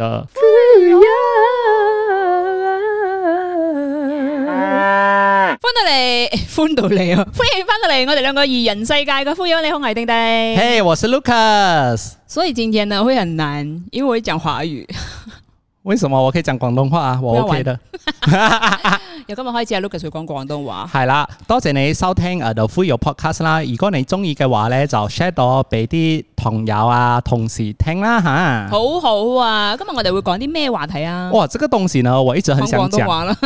歡迎，歡迎到嚟，歡迎到嚟哦！歡迎翻到嚟，我哋兩個二人世界嘅富友你好，係叮叮。嘿、hey，我是 Lucas。所以今天呢會很難，因為我會講華語。為什麼我可以講廣東話啊？我 OK 的。 由今日開始，阿 Lucas 就講廣東話。係啦，多謝你收聽《The Fuyoh Podcast》啦。如果你中意嘅話咧，就 share 到俾啲朋友啊、同事聽啦嚇。好好啊，今日我哋會講啲咩話題啊？哇，這個東西呢，我一直很想講。講廣東話啦。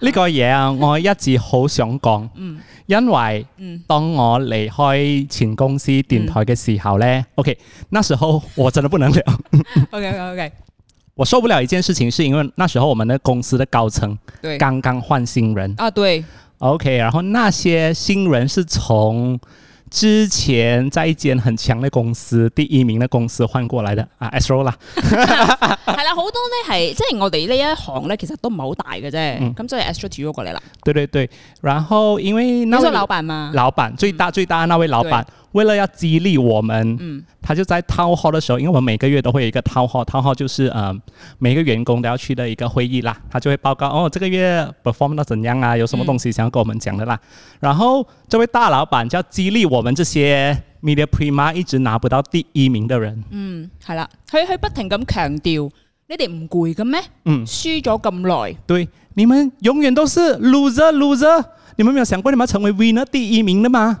呢個嘢啊，我一直好想講。嗯，因為，嗯，當我離開前公司電台嘅時候咧，OK，那時候我真係不能聊。OK，OK。.我受不了一件事情，是因為那時候我們的公司的高層對剛剛換新人啊，對，OK，然後那些新人是從之前在一間很強的公司、第一名的公司換過來的啊，Astro 啦，係 啦，好多咧係，即、就、係、是、我哋呢一行咧，其實都唔係好大嘅啫，咁、嗯、所以 Astro 調過嚟啦，對對對，然後因為那位老闆嘛，老闆最大、嗯、最大的那位老闆。為了要激勵我們，嗯，他就在 town hall 的時候，因為我們每個月都會有一個 town hall，town hall 就是，嗯、呃，每個員工都要去的一個會議啦，他就會報告，哦，這個月 perform 到怎樣啊，有什麼東西想要跟我們講的啦，嗯，然後這位大老闆就要激勵我們這些 media prima 一直拿不到第一名的人，嗯，係啦，佢去不停咁強調，你哋唔攰嘅咩？嗯，輸咗咁耐，對，你們永遠都是 loser loser，你們沒有想過你們成為 winner 第一名的嗎？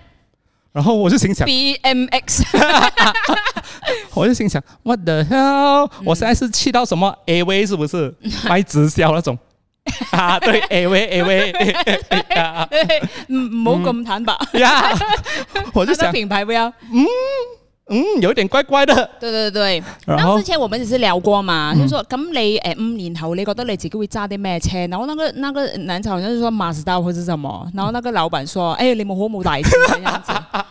然後我就心想，B M X， 我就心想，What the hell？、嗯、我現在是去到什麼 A V 是不是？賣、嗯、直銷那種？ 啊，對 A V A V，唔好咁坦白。呀，我就想 品牌不要， 嗯嗯，有點怪怪的。對對對，然後，然後之前我們也是聊過嘛，就、嗯、說咁你誒五年後你覺得你自己會揸啲咩車？然後那個那個男仔好像說是說馬自達或者什麼，然後那個老闆說，誒、哎，你冇好冇大錢。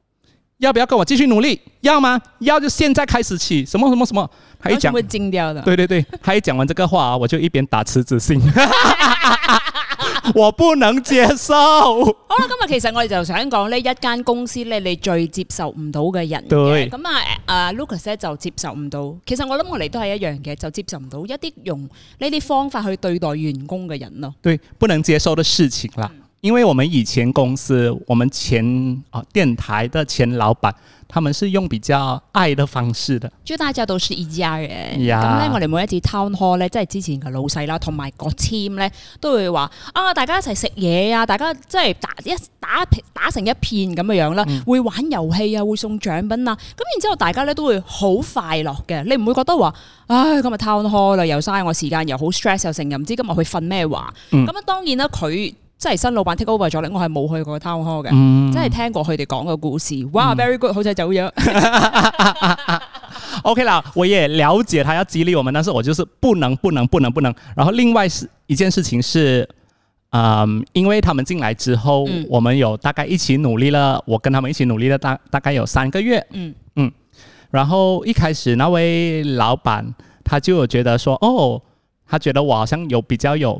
要不要跟我繼續努力？要嗎？要就現在開始起，什麼什麼什麼？他一講會驚掉的。OB、對對對，他 一講完這個話，我就一邊打辭職信。 我不能接受。好啦，今日其實我哋就想講呢一間公司咧，你最接受唔到嘅人。對。咁啊，Lucas 就接受唔到。其實我諗我哋都係一樣嘅，就接受唔到一啲用呢啲方法去對待員工嘅人咯。對，不能接受嘅事情啦。因為我們以前公司，我們前啊電台的前老闆，他們是用比較愛的方式的，就大家都係 E.G.R. 嘅，咁、yeah. 咧我哋每一次 town hall 咧，即係之前嘅老細啦，同埋個 team 咧，都會話啊，大家一齊食嘢啊，大家即係打一打打成一片咁嘅樣啦，嗯，會玩遊戲啊，會送獎品啊，咁然之後大家咧都會好快樂嘅，你唔會覺得話唉，今日 town hall 啦，又嘥我時間，又好 stress，又成，又唔知今日去瞓咩話，咁、嗯、啊當然啦佢。即係新老闆 take over 咗咧，我係冇去過 town hall 嘅，即、嗯、係聽過佢哋講個故事，哇、嗯、very good，好彩走咗。 OK 啦，我也了解他要激勵我們，但是我就是不能不能不能不能。然後另外一件事情是，嗯，因為他們進來之後，嗯、我們有大概一起努力了我跟他們一起努力了大大概有三個月，嗯嗯。然後一開始那位老闆，他就覺得說，哦，他覺得我好像有比較有。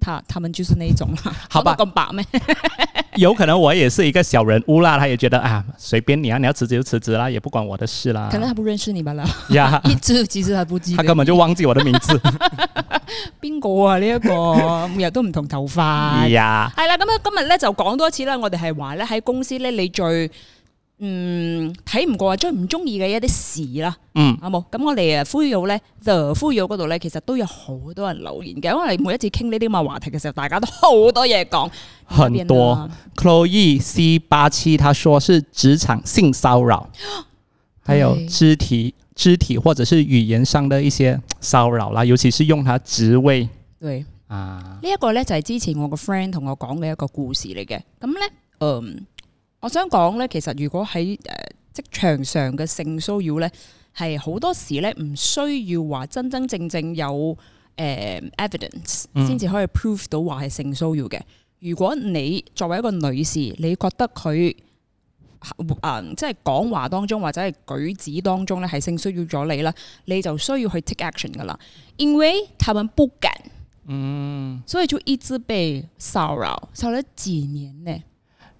他他們就是那種啦，好吧，可白有可能我也是一個小人物啦，烏他也覺得啊，隨便你啊，你要辭職就辭職啦，也不關我的事啦。可能他不認識你吧啦呀，一、yeah, 直其實他不記得，他根本就忘記我的名字。邊 個啊，呢、這個每日 都不同頭髮。呀、yeah. 嗯，係、嗯嗯、啦，咁啊，今日咧就講多一次啦，我哋係話咧喺公司咧，你最。嗯，睇唔過啊，最唔中意嘅一啲事啦，嗯，好冇，咁我哋啊，Fuyoh 咧 The Fuyoh 嗰度咧，其實都有好多人留言嘅。因為我哋每一次傾呢啲咁嘅話題嘅時候，大家都好多嘢講，啊。很多，Chloe C 八七，他說是職場性騷擾，還有肢體、肢體或者是語言上的一些騷擾啦，尤其是用他職位。對啊，呢、這、一個咧就係之前我個 friend 同我講嘅一個故事嚟嘅，咁咧，嗯。我想講咧，其實如果喺誒職場上嘅性騷擾咧，係好多時咧唔需要話真真正正有誒、呃、evidence 先至可以 prove 到話係性騷擾嘅。如果你作為一個女士，你覺得佢即係講話當中或者係舉止當中咧係性騷擾咗你啦，你就需要去 take action 㗎喇。因為他們不敢，嗯，所以就一直被騷擾，騷擾了幾年咧。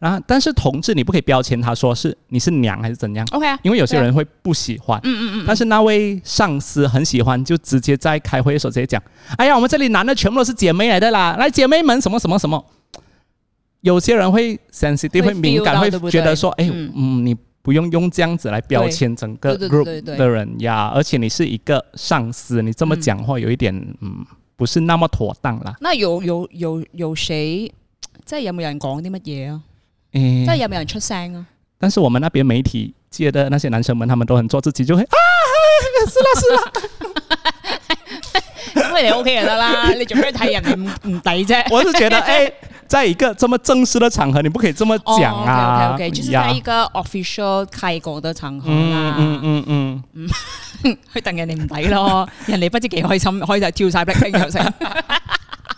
然、啊、後，但是同志，你不可以標籤他說是你是娘還是怎樣？OK 啊，因為有些人會不喜歡、啊。嗯嗯嗯。但是那位上司很喜歡，就直接在開會的時候直接講：“哎呀，我們這裏男的全部都是姐妹來的啦，來姐妹們什麼什麼什麼。”有些人會 sensitive，會敏感，會，feel down, 會覺得說：“哎、欸嗯，嗯，你不用用這樣子來標籤整個 group 對對對對對對的人呀。”而且你是一個上司，你這麼講話有一點嗯，嗯，不是那麼妥當啦。那有有有有誰？這有沒有人講啲乜嘢啊？即、欸、係有冇人出聲啊？但是我們那邊媒體界的那些男生們，他們都很做自己，就會啊，啊，是啦，是啦， 因為你 OK 就得啦， 你做咩睇人哋唔抵啫？我是覺得誒、 欸，在一個這麼正式的場合，你不可以這麼講啊，係、哦 okay, okay, okay, 啊，就是、一個 official 開講的場合啦，嗯嗯嗯嗯，去、嗯、等、嗯、 人哋唔抵咯， 人哋不知幾開心，可以就跳晒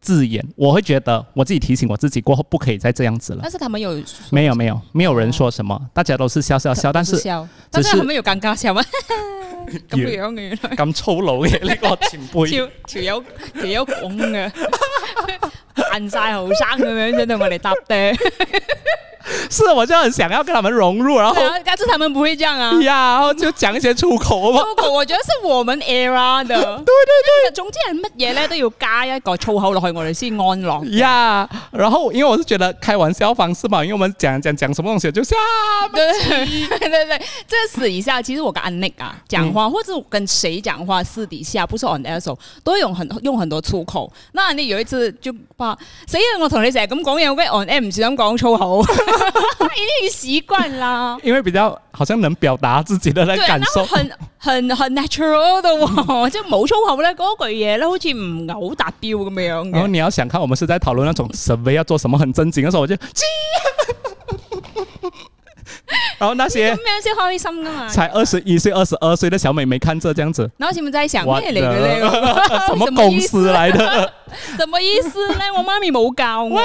字眼，我會覺得我自己提醒我自己，過後不可以再這樣子了。但是他們有，沒有沒有，沒有人說什麼，大家都是笑笑笑，是笑但是，是，但是佢哋又更加笑咩？咁 樣嘅咁粗魯嘅呢個前輩，條友條友講嘅扮晒後生咁樣真係同我哋搭嗲。 是我就很想要跟他們融入，然後，但、啊、是他們不會這樣啊，呀、yeah,，然後就講一些粗口嘛，粗口，我覺得是我們 era 的， 對，對對對，總之係乜嘢咧都要加一個粗口落去，我哋先安樂。呀、yeah,，然後因為我是覺得開玩笑方式嘛，因為我們講講講什麼東西就、啊，對對對，即係私底下，其實我跟 Angeline 啊講話，嗯、或者跟誰講話，私底下不是 on air 嘅時候，都有很用很多粗口。那你有一次就八，所以我同你成日咁講嘢，我，說我，我 on air 講粗口。 他 一定習慣啦，因為比較好像能表達自己的那感受，然很很很 natural 的我、哦， 就冇粗口，我嗰句嘢咧，好似唔好達標咁樣，然後你要想看我們是在討論那種什麼要做什麼很正經的時候，我就， 然後那些，咁樣先開心㗎嘛，才二十一歲、二十二歲的小妹妹看這這樣子， 然後你們在想什麼呢？ 什麼公司來的？ 什麼意思呢？我媽咪冇教我。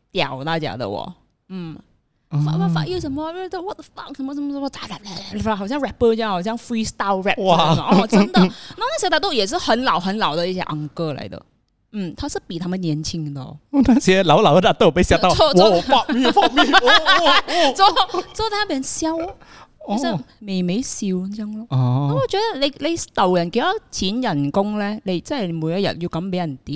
屌大家的喎、哦嗯，嗯，發發發有什麼？What 什麼什麼什麼？好像 rapper 咁，好像 freestyle rap 咁。哦，真的，嗯、那那些都也是很老很老的一些阿哥來的。嗯，他是比他們年輕的、哦。那些老老的都被嚇到，我我我我我做做、哦哦，、 做、做笑，哦、你微微笑咁樣咯。哦，哦我覺得你你逗人幾多錢人工咧？你真係每一日要咁俾人屌？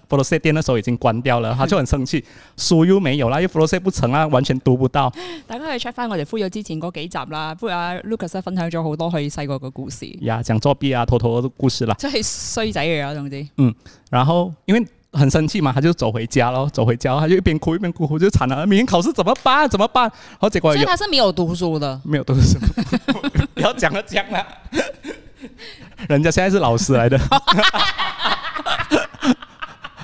佛羅塞店那時候已經關掉了，他就很生氣，書又沒有啦，又佛羅塞不成了，完全讀不到。大家可以 check 翻我哋 Fuyoh 之前嗰幾集啦，不如啊 Lucas 分享咗好多佢細個嘅故事。呀，講作弊啊，偷偷嘅故事啦。即係衰仔嘅，啊，總之。嗯，然後因為很生氣嘛，他就走回家咯，走回家，他就一邊哭一邊哭，邊哭就慘了，明天考試怎麼辦？啊。怎麼辦？然後結果。所以他是沒有讀書的。沒有讀書，你 要講了講了 人家現在是老師嚟的。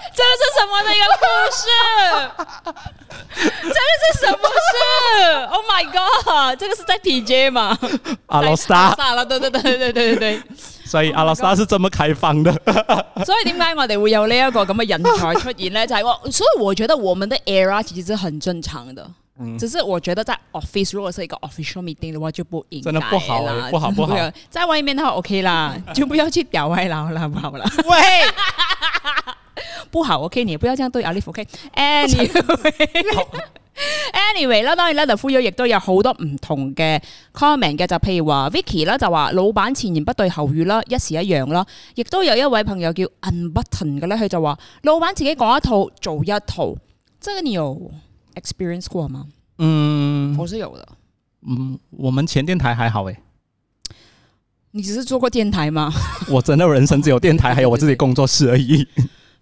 這個是什麼的一個故事？ 這個是什麼事？Oh my god！這個是在 PJ 嘛？阿拉薩，對 對對對對對對。所以阿拉薩是這麼開放的。 所以點解我哋會有呢一個咁嘅人才出現呢？就係我，所以我覺得我們的 error 其實是很正常的。嗯，只是我覺得在 office 如果是一個 official meeting 的話，就不應真的不好啦，不好不好。 在外面的話 OK 啦，就不要去表外勞啦，不好，好，好啦。喂。 不好 o、okay, k 你不要這樣對阿 Lily、okay? anyway。 Anyway，Anyway 啦，當然，The Fuyoh 亦都有好多唔同嘅 comment 嘅，就譬如話 Vicky 啦，就話老闆前言不對後語啦，一時一樣啦。亦都有一位朋友叫 Unbutton 嘅咧，佢就話老闆自己講一套做一套。即、這個你有 experience 過嗎？嗯，我是有的。嗯，我們前電台還好誒、欸。你只是做過電台嗎？我真的人生只有電台， 還有我自己工作室而已。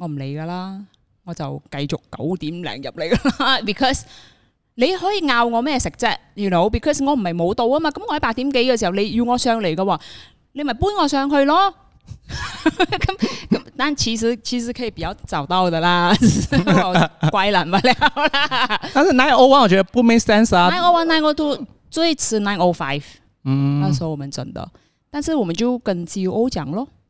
我唔理噶啦，我就繼續九點零入嚟噶啦。Because 你可以拗我咩食啫？You know Because 我唔係冇到啊嘛，咁我喺八點幾嘅時候你要我上嚟噶，你咪搬我上去咯。咁 咁， 但次次次次 K 比有就多噶啦，怪難不了啦。 但是 nine o one，我覺得不 make sense 啊。nine o one nine o two 最遲 nine o five。嗯，所以我們真的，但是我們就跟 CEO 講咯。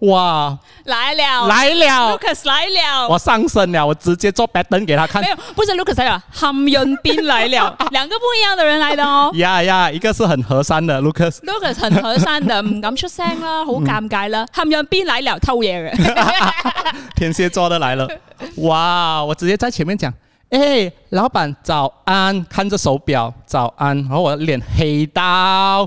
哇！來了，來了，Lucas 來了，我上身了，我直接做白燈給他看。沒有，不是 Lucas 來了，Hamyonpin 來了，兩個不一樣的人來的哦。呀呀，一個是很和善的 Lucas，Lucas Lucas 很和善的，唔 敢出聲啦，好尷尬啦。Hamyonpin 來了偷嘢人， 天蠍座的來了。哇，我直接在前面講，哎，老闆早安，看着手錶早安，然後我的臉黑到。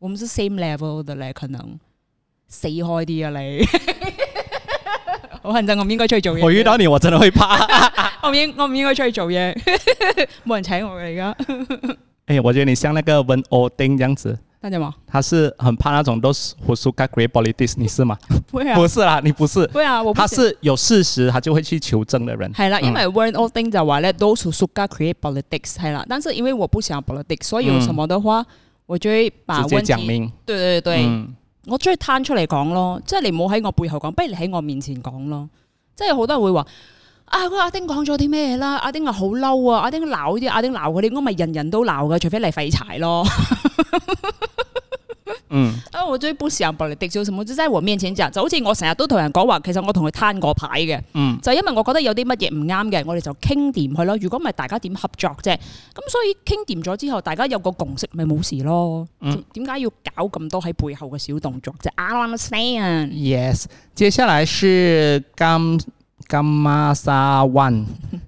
我們是 same level 的咧，可能死開啲啊你。 我反正我唔應該出去做嘢。我遇到你我真的會怕。 我唔應該我唔應該出去做嘢，冇 人請我嚟噶。哎、 欸，我覺得你像那個 Wen O Ding 這樣子。乜嘢他是很怕那種 those who suka create politics，你是嗎？ 不是啦 不是啦，你不是。對啊，他是有事實，他就會去求證的人。係啦，因為 Wen O Ding 在話咧 those who suka create politics 係啦，但是因為我不喜歡 politics，所以有什麼的話。嗯我鍾意把話講明，對對對，嗯、我鍾意攤出嚟講咯，即係你唔好喺我背後講，不如你喺我面前講咯。即係好多人會話啊、嗰個阿，阿丁講咗啲咩嘢啦？阿丁啊好嬲啊，阿丁鬧啲，阿丁鬧佢哋，應該咪人人都鬧噶，除非你廢柴咯。 嗯，啊、um, 哦，我追本時人搏嚟，敵少什麼真係喺我面前啫，就好似我成日都同人講話，其實我同佢攤過牌嘅，嗯、就因為我覺得有啲乜嘢唔啱嘅，我哋就傾掂佢咯。如果唔係，大家點合作啫？咁所以傾掂咗之後，大家有個共識，咪冇事咯。點解要搞咁多喺背後嘅小動作、就是？I understand。Yes，接下來是金金 m g s a One。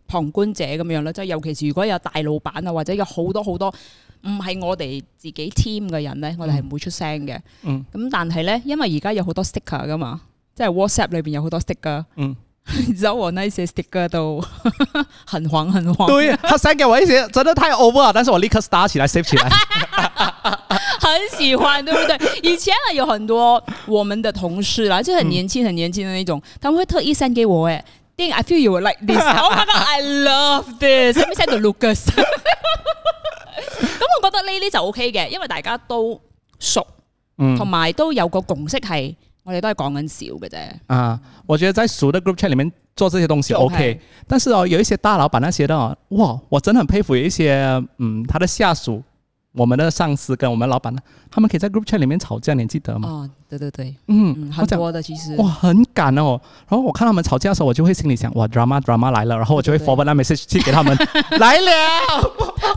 旁觀者咁樣啦，即係尤其是如果有大老闆啊，或者有好多好多唔係我哋自己 team 嘅人咧，我哋係唔會出聲嘅。嗯，咁、嗯、但係咧，因為而家有好多 sticker 噶嘛，即係 WhatsApp 裏邊有好多 sticker，嗯 sticker。嗯，然之後我 sticker 都很黃很黃。對，他 send 給我一些，真得太 over，啊，但是我立刻 start 起來，save 起來。起來 很喜歡，對不對？ 以前啊，有很多我們的同事啦，就是、很年輕，很年輕的那種，他們會特意 send 給我，誒。I feel you are like this.、Oh, I love this. Let me send to Lucas。咁我覺得呢啲就 OK 嘅，因為大家都熟，嗯，同埋都有個共識係，我哋都係講緊少嘅啫。啊，我覺得在熟嘅 group chat 裏面做這些東西 OK，但是哦，有一些大老闆那些的，哇，我真係很佩服一些，嗯，他的下屬。我們的上司跟我們的老闆呢，他們可以在 group chat 裏面吵架，你記得嗎？哦、對對對，嗯，好、嗯、多的其實。哇，很趕哦！然後我看他們吵架的時候，我就會心裏想，哇，drama drama 來了，然後我就會 forward 那 message 對對、啊、去給他們， 來了，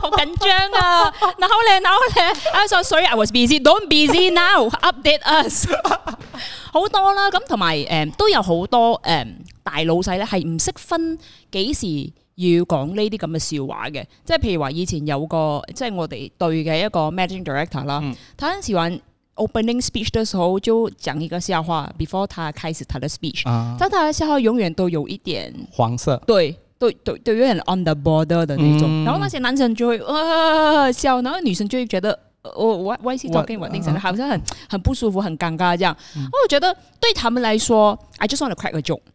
好緊張張啊 然！然後咧，然後咧，I was sorry, I was busy, don't be busy now, update us。 好多啦，咁同埋誒都有好多誒、嗯、大老細咧係唔識分幾時要講呢啲咁嘅笑話嘅，即係譬如話以前有個即係、就是、我哋隊嘅一個 Managing Director 啦、嗯，他很喜歡喺 Opening Speech 嘅時候，就講一個笑話，before 他開始他的 speech、嗯、但係他的笑話永遠都有一點黃色，對，都都都有一點 on the border 嘅呢種、嗯，然後那些男生就會呃、啊、笑，然後女生就會覺得我我外系做緊穩定性，oh, what, what what, uh, 好像很很不舒服、很尷尬，這樣、嗯，我覺得對他們嚟講，I just wanna crack a joke。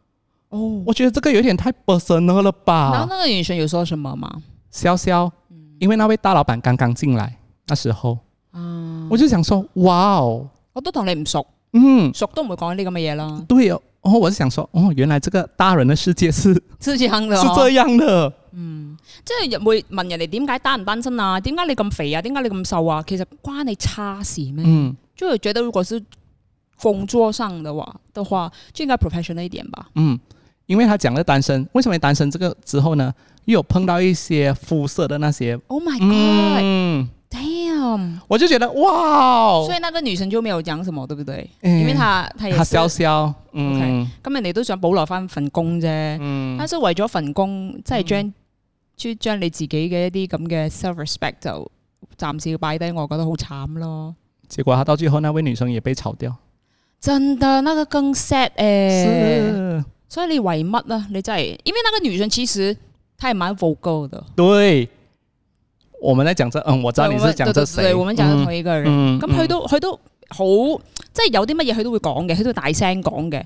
哦、oh，我覺得這個有點太 personal 了吧？然後那個女生有說什麼嗎？笑笑、嗯，因為那位大老闆剛剛進來那時候、啊，我就想說，哇哦，我都同你唔熟，嗯，熟都唔會講呢啲咁嘅嘢啦。對哦，哦我就想說，哦，原來這個大人的世界是是這樣的、哦，是這樣的。嗯，即係會問人哋點解單唔單身啊？點解你咁肥啊？點解你咁瘦啊？其實關你叉事咩？嗯，就會覺得如果是工作上的話，的話就應該 professional 一點吧。嗯。因為他講咗單身，為什麼單身？這個之後呢，又有碰到一些膚色的那些。Oh my god！Damn！、嗯、我就覺得哇，所以那個女生就沒有講什麼，對不對？嗯、因為她，她也是他笑笑，嗯、咁、okay, 人哋都想保留返份工啫。嗯，但係為咗份工，即係將，嗯、將你自己嘅一啲咁嘅 self respect 就暫時要擺低，我覺得好慘咯。結果，他到最後，那位女生也被炒掉。真的，那個更 sad 誒、欸。所以你為乜啦？你真係，因為那個女人其實她係蠻 vocal 的。對，我們在講這，嗯，我知道你是講這誰？對，對我們講到同一個人，咁、嗯、佢、嗯、都佢都好，即係有啲乜嘢佢都會講嘅，佢都大聲講嘅，誒、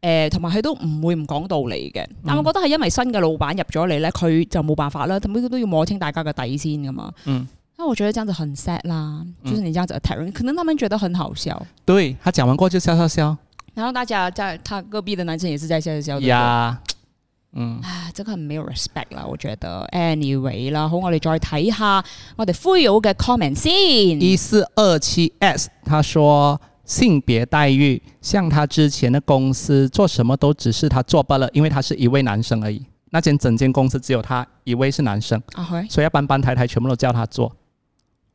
呃，同埋佢都唔會唔講道理嘅。但我覺得係因為新嘅老闆入咗嚟咧，佢就冇辦法啦，咁佢都要摸清大家嘅底先噶嘛。嗯，因為我覺得這樣子很 sad 啦，就 tired 可能他們覺得很好笑。對，他講完過就笑，笑，笑。然後大家在他隔壁的男生也是在下在呀、啊，yeah, 嗯，啊，這個很沒有 respect 啦，我覺得。Anyway，啦，好，我哋再睇下我哋富有嘅 comment 先。一四二七 S 他說，性別待遇，像他之前的公司做什麼都只是他做罷了，因為他是一位男生而已。那間整間公司只有他一位是男生，okay. 所以要搬搬抬抬全部都叫他做。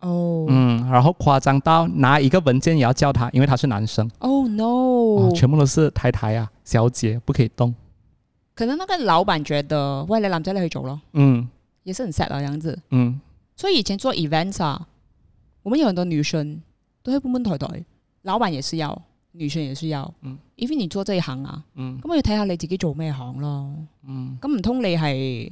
哦、oh，嗯，然後誇張到拿一個文件也要叫他，因為他是男生。Oh, no. 哦 no！全部都是太太啊，小姐不可以動。可能那個老板覺得喂，來男仔嚟做咯，嗯，也是很 sad 啊，樣子，嗯。所以以前做 events 啊，我們有很多女生都會搬搬抬抬，老闆也是要，女生也是要。嗯，因為你做這一行啊，嗯，咁要睇下你自己做咩行咯，嗯，咁唔通你係。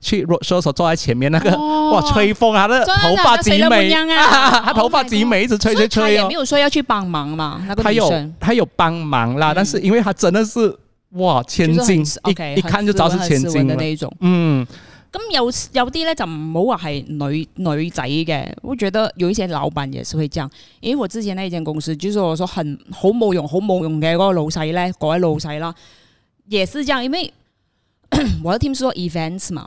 去，說說坐在前面那個、哦、哇吹風的啊，那、啊啊哦、頭髮極美啊，他頭髮極美，一直吹吹吹哦。所以佢冇有說要去幫忙嘛？他、那個、有佢有幫忙啦，嗯、但是因為他真的是哇千金、就是，一 okay, 一看就知是千金嘅那一種。嗯，咁、嗯、有有啲呢就唔好話係女女仔嘅，我覺得有一些老闆也是會這樣。因為我之前那間公司，就是我說很好冇用、好冇用嘅嗰個老細呢，嗰位老細啦，也是這樣，因為 我都聽說 events 嘛。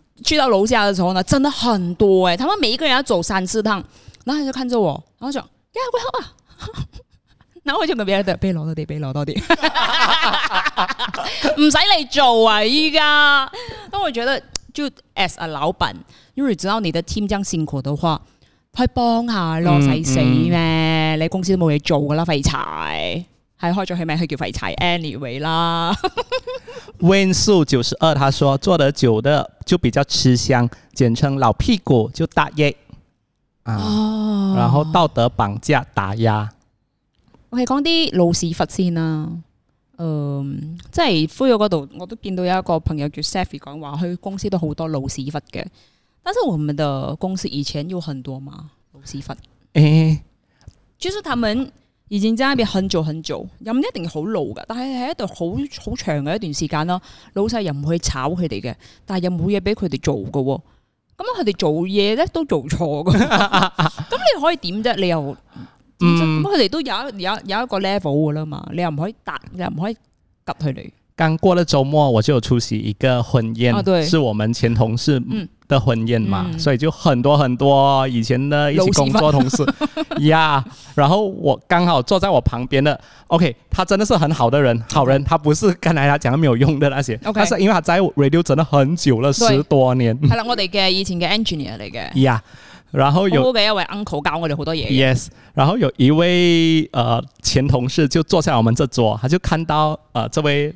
去到樓下的時候呢，真的很多哎、欸，他們每一個人要走三四趟，然後就看着我，然後講，呀，我好啊，然後我就跟別人講，俾你攞多啲，俾你攞多啲，唔使你做啊，依家。 但我覺得，就 as a 老闆，因為你知道你的 team 這樣辛苦的話，可以幫下咯，使、嗯、死咩、嗯？你公司都冇嘢做噶啦，廢柴。係開咗佢名，佢叫廢柴。anyway 啦 Win 數九十二， 他說做得久的就比較吃香，簡稱老屁股就打壓、啊。哦，然後道德綁架打壓。我係講啲老屎忽先啦。嗯，即係 Fuyoh 嗰度，我都見到有一個朋友叫 Safi 講話，佢公司都好多老屎忽嘅。但是我唔明就公司以前有很多嘛，老屎忽？誒、欸，就是他們。而戰爭喺邊肯做肯做又唔一定好老噶，但係喺一度好好長嘅一段時間咯。老細又唔去炒佢哋嘅，但係又冇嘢俾佢哋做嘅，咁啊佢哋做嘢咧都做錯嘅。咁 你可以點啫？你又咁佢哋都有一有有一個 level 嘅啦嘛，你又唔可以答，你又唔可以及佢哋。剛過咗周末，我就有出席一個婚宴，啊，是我們前同事。嗯的婚宴嘛、嗯，所以就很多很多以前的一起工作同事呀。事 yeah, 然後我剛好坐在我旁邊的，OK，他真的是很好的人，好人。他不是剛才他講的沒有用的那些，他、okay, 是因為他在 Radio 整了很久了，十多年。係啦，我哋嘅以前嘅 engineer 嚟嘅。呀、yeah,，然後有嘅一位 uncle 教我哋好多嘢。Yes，然後有一位呃前同事就坐在我們這桌，他就看到呃這位。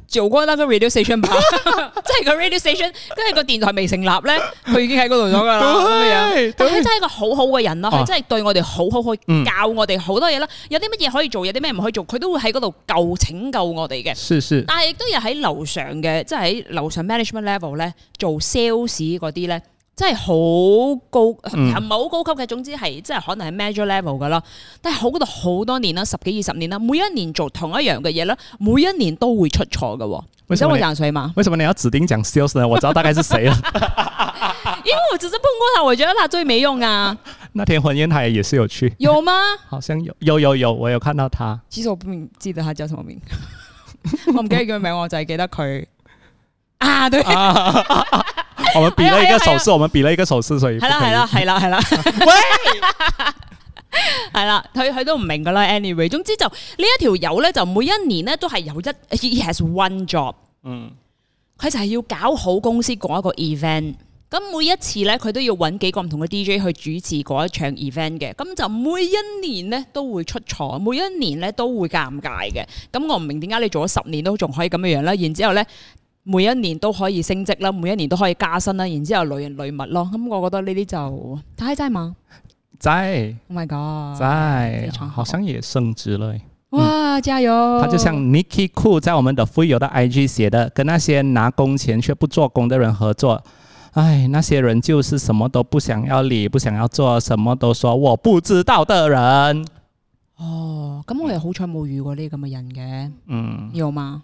做嗰個 radio station 吧，即係個 radio station，跟住個電台未成立咧，佢 已經喺嗰度做咗噶啦。但佢真係一個很好好嘅人咯，佢真係對我哋好，好好，去、哦、教我哋好多嘢啦。有啲乜嘢可以做，有啲咩唔可以做，佢都會喺嗰度救拯救我哋嘅。但係亦都有喺樓上嘅，即係喺樓上 management level 咧做 sales 嗰啲咧。真係好高，唔係好高級嘅、嗯，總之係即係可能係 major level 噶啦。但係好度好多年啦，十幾二十年啦，每一年做同一樣嘅嘢啦，每一年都會出錯嘅。為什麼你你我想我講水嘛，為什麼你要指定講 sales 呢？我知道大概是誰啦。 因為我只是碰過頭，我覺得他最沒用啊。 那天婚煙台也是有去，有嗎？ 好像有，有有有，我有看到他。其實我唔記得他叫什麼名， 我唔記得佢名字，我就係記得佢啊。對。 我哋比咗一個手勢、啊啊啊，我哋比咗一個手勢，所以係啦係啦係啦係啦，啊啊啊啊啊、 喂，係 啦、 啊，佢佢都唔明噶啦，anyway，總之就一條呢一條友咧就每一年咧都係有一，he has one job，嗯，佢就係要搞好公司嗰一個 event，咁每一次咧佢都要搵幾個唔同嘅 DJ 去主持嗰一場 event 嘅，咁就每一年咧都會出錯，每一年咧都會尷尬嘅，咁我唔明點解你做咗十年都仲可以咁嘅樣啦。然之後咧。每一年都可以升職啦，每一年都可以加薪啦，然之後累人累物咯。咁、嗯、我覺得呢啲就，真係真嘛？真、oh my god，唔係噶，真，非常，好像也升職嘞。哇，加油！嗯、他就像 Nikki Cool 在我們的 The Fuyoh 的 IG 寫的，跟那些拿工錢卻不做工的人合作。唉，那些人就是什麼都不想要理，不想要做，什麼都說我不知道的人。哦，咁我又好彩冇遇過呢咁嘅人嘅，嗯，有、嗯、嗎？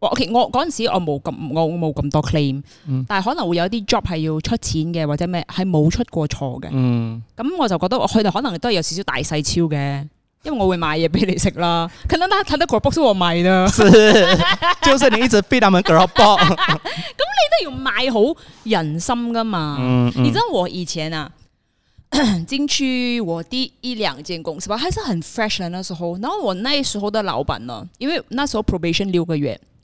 Okay, 我其實我嗰陣時我冇咁我冇咁多 claim，、嗯、但係可能會有啲 job 係要出錢嘅或者咩係冇出過錯嘅，咁、嗯、我就覺得佢哋可能都係有少少大細超嘅，因為我會買嘢俾你食啦。佢嗱嗱睇得個 box 我賣啦，是 就是你一直飛佢：「門 grab 包，咁你都要賣好人心噶嘛。而、嗯、真、嗯、我以前啊，先去我啲一兩間公司吧，係是很 fresh 嘅。嗰時候，然後我那時候的老闆呢，因為嗰時候 probation 六個月。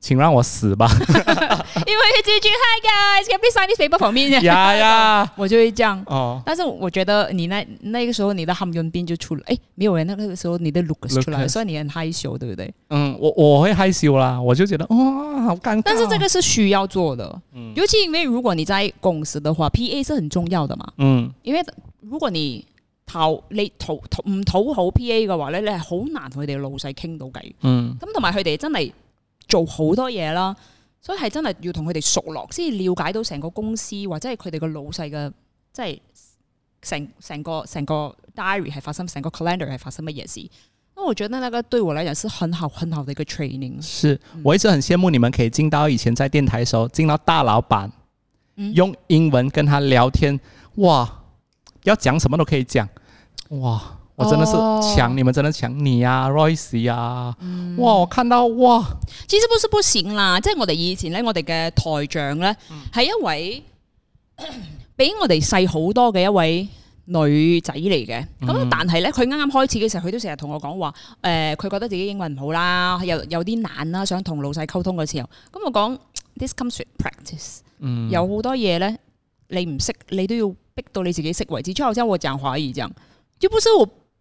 請讓我死吧 ，因為這句 Hi guys，can sign this paper 呀呀，我就會這樣哦。但是我覺得你那那個時候你的 human being 就出來，哎、欸，沒有人那個時候你的 looks 出來，Lookers. 所以你很害羞，對不對？嗯，我我會害羞啦，我就覺得哇，好尷尬，啊。但是這個是需要做的，尤其因為如果你在公司的話，PA 是很重要的嘛，嗯，因為如果你討、討、討、唔討好 PA 嘅話咧，你係好難同佢哋老細傾到偈，嗯，咁同埋佢哋真係。做好多嘢啦，所以係真係要同佢哋熟落，先至了解到成個公司或者係佢哋個老細嘅，即係成成個成個 diary，係發生成個 calendar，係發生乜嘢事。那我覺得那個對我嚟講是很好很好的一個 training。是我一直很羨慕你們可以進到以前在電台時候，進到大老闆，用英文跟他聊天，哇，要講什麼都可以講，哇！我真的是搶、哦，你們真的搶你啊，Royce 啊、嗯，哇！我看到哇，其實不是不行啦，即、就、係、是、我哋以前咧，我哋嘅台長咧係、嗯、一位比我哋細好多嘅一位女仔嚟嘅。咁、嗯、但係咧佢啱啱開始嘅時候，佢都成日同我講話，誒、呃，佢覺得自己英文唔好啦，有有啲難啦，想同老細溝通嘅時候，咁我講，This comes with practice，嗯、有好多嘢咧，你唔識，你都要逼到你自己識為止，最後真係我賺華語獎，基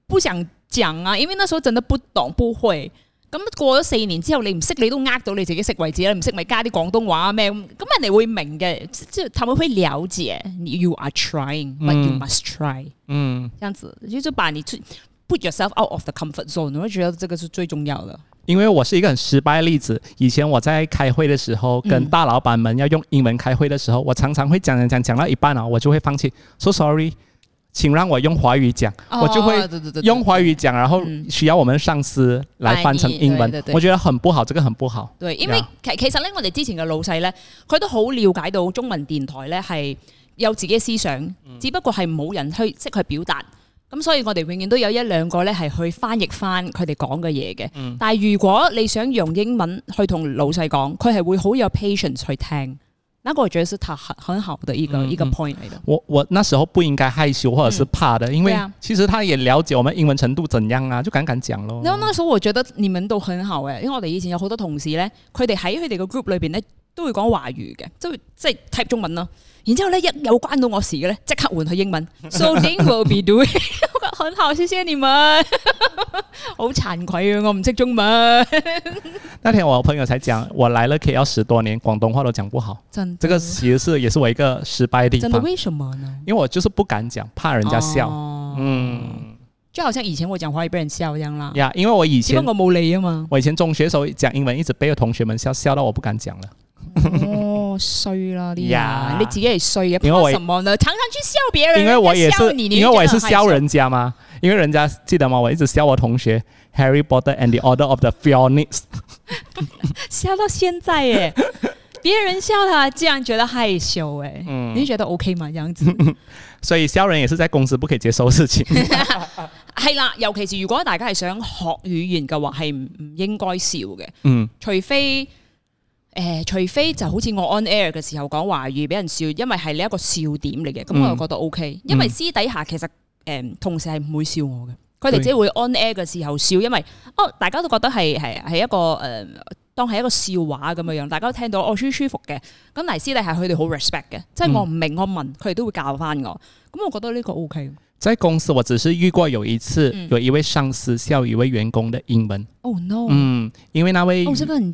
不想講啊，因為那時候真的不懂不會。咁過咗四年之後，你唔識你都呃到你自己識為止。你唔識咪加啲廣東話咩咁，咁人哋會明嘅，即係他們會了解。你 You are trying, but you must try。嗯，這樣子，就就把你 put yourself out of the comfort zone，你會覺得這個是最重要的。因為我是一個很失敗的例子。以前我在開會的時候，跟大老闆們要用英文開會的時候，我常常會講講講，講，講，講，講，講到一半啊，我就會放棄。So sorry。請讓我用華語講，哦，我就會用華語講，然後需要我們上司來翻成英文。嗯，我覺得很不好，這個很不好。對，因為其其實咧，我哋之前嘅老細咧，佢都好了解到中文電台咧係有自己嘅思想，只不過係冇人去即係去表達。咁所以我哋永遠都有一兩個咧係去翻譯返佢哋講嘅嘢嘅。但係如果你想用英文去同老細講，佢係會好有 patience 去聽。那個我覺得是他很很好的一個嗯嗯一個 point 嚟嘅。我我那時候不應該害羞或者是怕的、嗯，因為其實他也了解我們英文程度怎樣啊，就敢敢講咯。然後，那時候我覺得你們都很好嘅、欸，因為我哋以前有好多同事咧，佢哋喺佢哋個 group 裏邊咧都會講華語嘅，即係即係 type 中文咯。然之後咧，一有關到我事嘅呢，即刻換去英文。 So things will be doing 很好，謝謝你們。 好慚愧啊，哦，我唔識中文。那天我朋友才講，我來了 KL 十多年，廣東話都講不好。真，這個其實是也是我一個失敗的地方。真的為什麼呢？因為我就是不敢講，怕人家笑。Oh, 嗯，就好像以前我講華語被人笑一樣啦。呀、yeah，因為我以前我冇你啊嘛，我以前中學時候講英文，一直被同學們笑笑到我不敢講了。Oh. 衰啦啲啊，yeah, 你自己係衰嘅，因為什麼呢？常常去笑別人，因為我也是你你，因為我也是笑人家嘛。因為人家記得嗎？我一直笑我同學 Harry Potter and the Order of the Phoenix 笑到現在耶。別 人笑他竟然覺得害羞誒。嗯， 你覺得 OK 嗎？這樣子， 所以笑人也是在公司不可以接受事情 。係 啦，尤其是如果大家係想學語言嘅話，係唔唔應該笑嘅。嗯，除非。誒、呃，除非就好似我 on air 嘅時候講華語俾人笑，因為係你一個笑點嚟嘅，咁我就覺得 O、OK, K、嗯。因為私底下其實誒、嗯、同事係唔會笑我嘅，佢哋只會 on air 嘅時候笑，因為哦大家都覺得係係係一個誒、呃、當係一個笑話咁樣樣，大家都聽到哦舒舒服嘅。咁嚟私底下佢哋好 respect 嘅，即、嗯、係、就是、我唔明我問佢哋都會教翻我，咁我覺得呢個 O、OK、K。即在公司我只是遇過有一次有一位上司笑一位員工嘅英文。o、嗯哦、no！因為那位、哦這個、很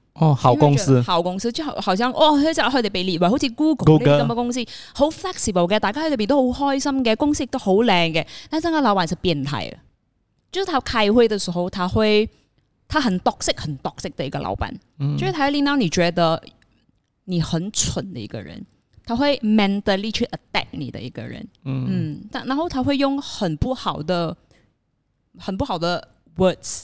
哦，好公司，好公司就好，哦，好像哦，佢就佢哋被列為好似 Google 呢啲咁嘅公司，好 flexible 嘅，大家喺度邊都好開心嘅，公司都好靚嘅。但係呢個老闆是變態，就係、是、他開會的時候，他會，他很 toxic，很 toxic 的一個老闆、嗯，就是、他佢令到你覺得你很蠢的一個人，他會 mentally 去 attack 你的一個人，嗯，嗯，但然後他會用很不好的，很不好的 words。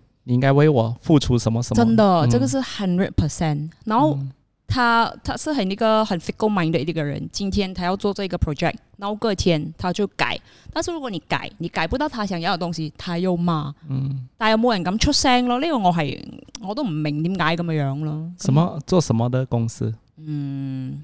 你應該為我付出什麼什麼？真的，這個是 hundred percent、嗯。然後他他是很一個很 fickle minded 的一個人。今天他要做這個 project，然後隔天他就改。但是如果你改，你改不到他想要的東西，他又罵。嗯，但又冇人敢出聲咯。呢個我係我都唔明點解咁樣樣咯。什麼做什麼的公司？嗯。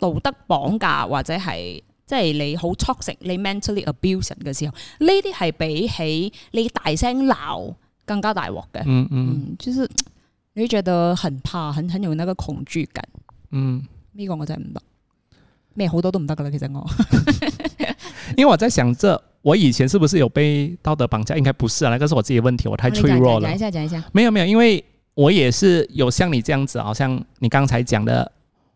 道德綁架或者係即係你好 toxic，你 mentally abuse 嘅時候，呢啲係比起你大聲鬧更加大鑊嘅。嗯嗯，嗯，就是你會覺得很怕，很很有那個恐懼感。嗯，呢、這個我真係唔得，咩好多都唔得嘅啦，其實我。 因為我在想，著我以前是不是有被道德綁架？應該不是啊，那個是我自己問題，我太脆弱了，啊講。講一下，講一下。沒有沒有，因為我也是有像你這樣子，好像你剛才講的。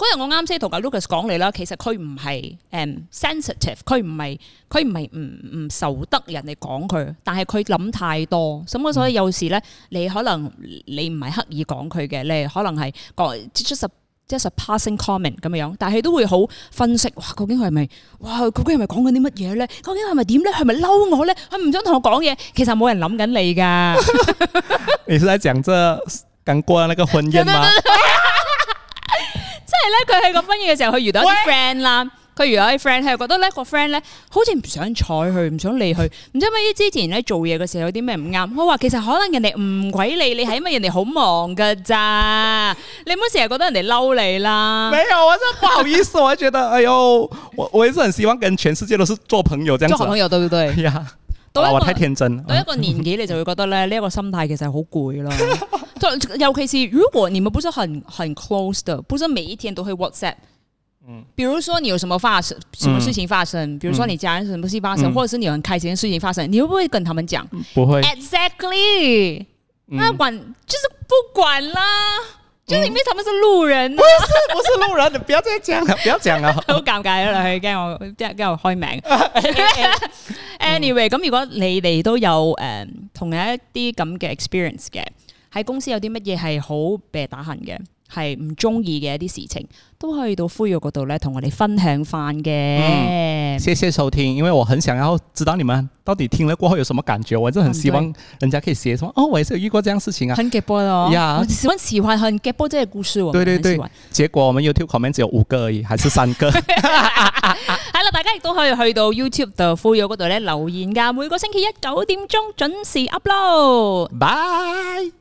嗰日我啱先同阿 Lucas 講你啦，其實佢唔係誒 sensitive，佢唔係佢唔係唔唔受得人哋講佢，但係佢諗太多，咁所以有時咧，你可能你唔係刻意講佢嘅，你可能係講 just a just a passing comment 咁樣，但係都會好分析，哇，究竟佢係咪哇，究竟係咪講緊啲乜嘢咧？究竟係咪點咧？係咪嬲我咧？佢唔想同我講嘢，其實冇人諗緊你噶 。你是在講這剛過呢個婚姻嗎？ 即係咧，佢喺個婚宴嘅時候，佢遇到一啲 friend 啦，佢遇到啲 friend，佢又覺得咧個 friend 咧好似唔想睬佢，唔想理佢，唔知乜嘢之前咧做嘢嘅時候有啲咩唔啱。我 話其實可能人哋唔鬼理你，係因為人哋好忙噶咋，你唔好成日覺得人哋嬲你啦。沒有，我真不好意思， 我係覺得，哎呦，我我係是很希望跟全世界都是做朋友，做好朋友，對不對？呀、yeah，哇，我太天真，到一個年紀你就會覺得咧，呢一個心態其實好攰咯。 尤其是，如果你們不是很很 close 的，不是每一天都會 WhatsApp，嗯，比如說你有什麼發生，什麼事情發生，嗯、比如說你家人什麼事情發生、嗯，或者是你很開心嘅事情發生，你會不會跟他們講？不會，Exactly，那、嗯啊、管就是不管啦，就是、因為他們是路人、啊，不、嗯、是， 不是路人，你不要再講啦，不要講啦，好 尷尬，讓我，讓我開名。 anyway，咁如果你哋都有誒，um, 同一樣一啲咁嘅 experience 嘅。喺公司有啲乜嘢係好被打痕嘅，係唔中意嘅一啲事情，都可以到 Fuyoh 嗰度咧，同我哋分享翻嘅、嗯。謝謝收聽，因為我很想要知道你們到底聽了過後有什麼感覺，我就很希望人家可以寫什麼哦，我也是有遇過這樣事情啊，很吉波咯，呀、yeah，我喜歡喜歡很吉波啲嘅故事，對對對。結果我們 YouTube comment 只有五個而已，還是三個。係啦，大家亦都可以去到 YouTube 嘅 Fuyoh 嗰度咧留言噶，每個星期一九點鐘準時 upload。Bye。